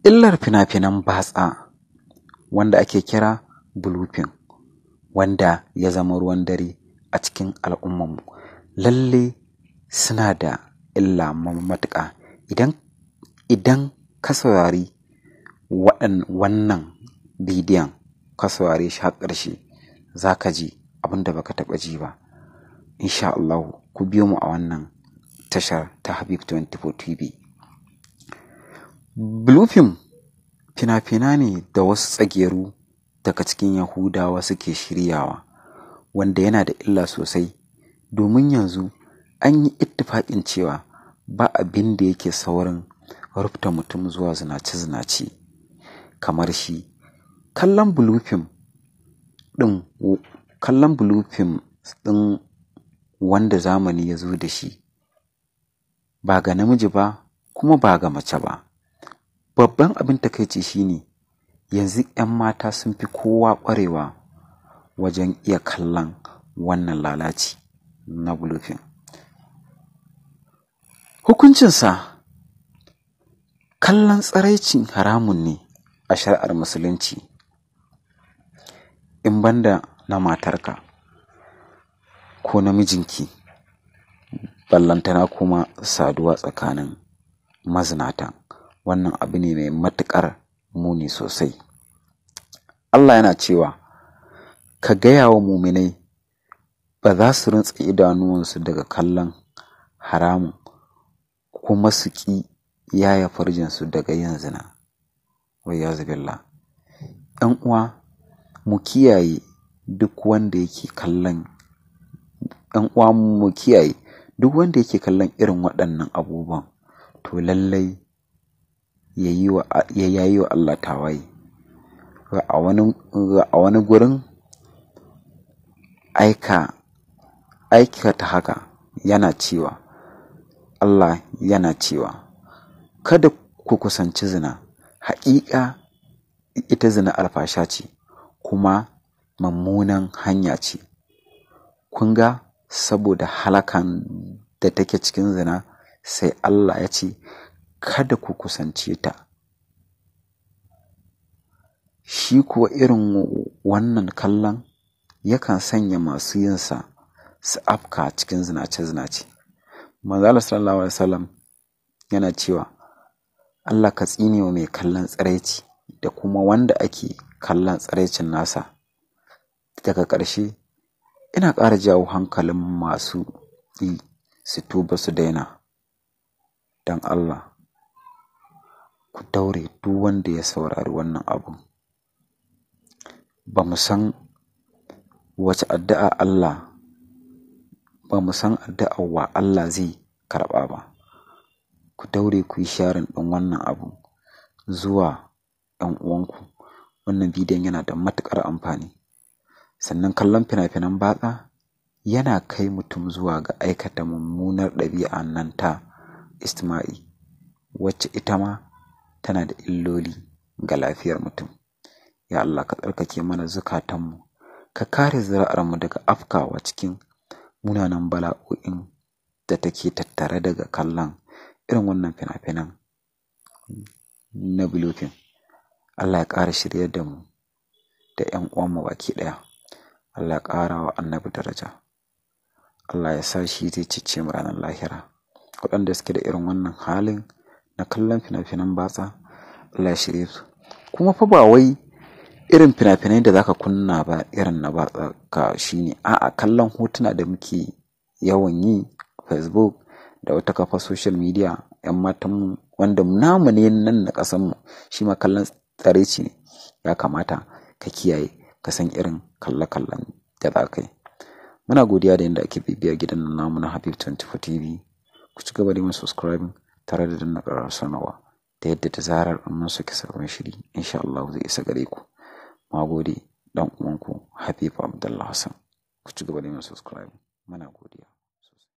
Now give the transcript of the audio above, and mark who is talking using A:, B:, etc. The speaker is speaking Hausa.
A: Illar fina-finan batsa wanda ake kira bulufin wanda ya zama ruwan dare a cikin al'ummanmu lalle suna da illa matuƙa idan idan ka saurari waɗan wannan bidiyon ka saurare shi har ƙarshe za ka ji abin da baka taɓa ji ba insha ku biyo mu a wannan tashar ta Habib 24 TV Bulufin fina-fina ne da wasu tsageru daga cikin Yahudawa suke shiryawa, wanda yana da illa sosai, domin yanzu an yi ittifaƙin cewa ba abin da yake saurin rufta mutum zuwa zinace-zinace kamar shi. Kallon bulufin kallon ɗin wanda zamani ya zo da shi, ba ga namiji ba kuma ba ga mace ba. Babban abin takaici shine yanzu 'yan mata sun fi kowa ƙwarewa wajen iya kallon wannan lalaci na bulufin. Hukuncinsa kallon tsaraicin haramun ne a shari'ar Musulunci in banda na matarka ko namijinki, mijinki ballantana kuma saduwa tsakanin mazinata. wannan abu ne mai matuƙar muni sosai Allah yana cewa ka gaya wa muminai ba za su rintsa idanuwansu daga kallon haramun kuma su ƙi yaya farjinsu daga yin zina wai ya ‘yan uwa mu kiyaye duk wanda yake kallon ‘yan uwa mu kiyaye duk wanda yake kallon irin waɗannan abubuwan to lallai ya yi wa Allah tawaye a wani gurin aika ta haka yana cewa Allah yana cewa kada ku kusanci zina haƙiƙa ita zina alfasha ce kuma mummunan hanya ce kun ga saboda halakan da take cikin zina sai Allah ya ce kada ku kusance ta shi kuwa irin wannan kallon yakan sanya masu yinsa su afka cikin zinace-zinace manzala sallallahu alaihi wasallam yana cewa Allah ka tsine wa mai kallon tsiraici da kuma wanda ake kallon tsiraicin nasa daga ƙarshe ina ƙara jawo hankalin masu yi su tuba su daina don Allah ku daure duk wanda ya saurari wannan abun ba mu san wace addu'a Allah ba san addu'a wa Allah zai karɓa ba ku daure ku yi sharin ɗin wannan abu zuwa ‘yan uwanku wannan bidiyon yana da matuƙar amfani sannan kallon fina-finan batsa yana kai mutum zuwa ga aikata mummunar ɗabi'a nan ta istima'i wacce ita ma tana da illoli ga lafiyar mutum ya Allah ka tsarkake mana zukatanmu ka kare zuri'armu daga afkawa cikin munanan bala'o'in da take tattare daga kallon irin wannan fina-finan na bulofin Allah ya ƙara shirya da mu da 'yan uwanmu baki ɗaya Allah ya ƙara wa annabi daraja Allah ya sa shi zai cice mu ranar lahira waɗanda suke da irin wannan halin na kallon fina-finan batsa Allah su kuma fa ba wai irin fina-finai da za ka kunna ba irin na ba ka shine a'a kallon hotuna da muke yawan yi facebook da wata kafa social media yan matan wanda namu ne nan na kasanmu mu shi ma kallon tsare ce ya kamata ka kiyaye ka san irin kalle-kallen da za ka yi muna godiya da yadda ake bibiya gidan namu na habib 24 tv ku ci gaba da yin subscribing tare da danna ƙarar ta yadda ta zarar an musu ki sabon shiri insha Allah zai isa gare ku magode dan uwanku Habibu Abdullahi Hassan ku ci gaba da subscribe muna godiya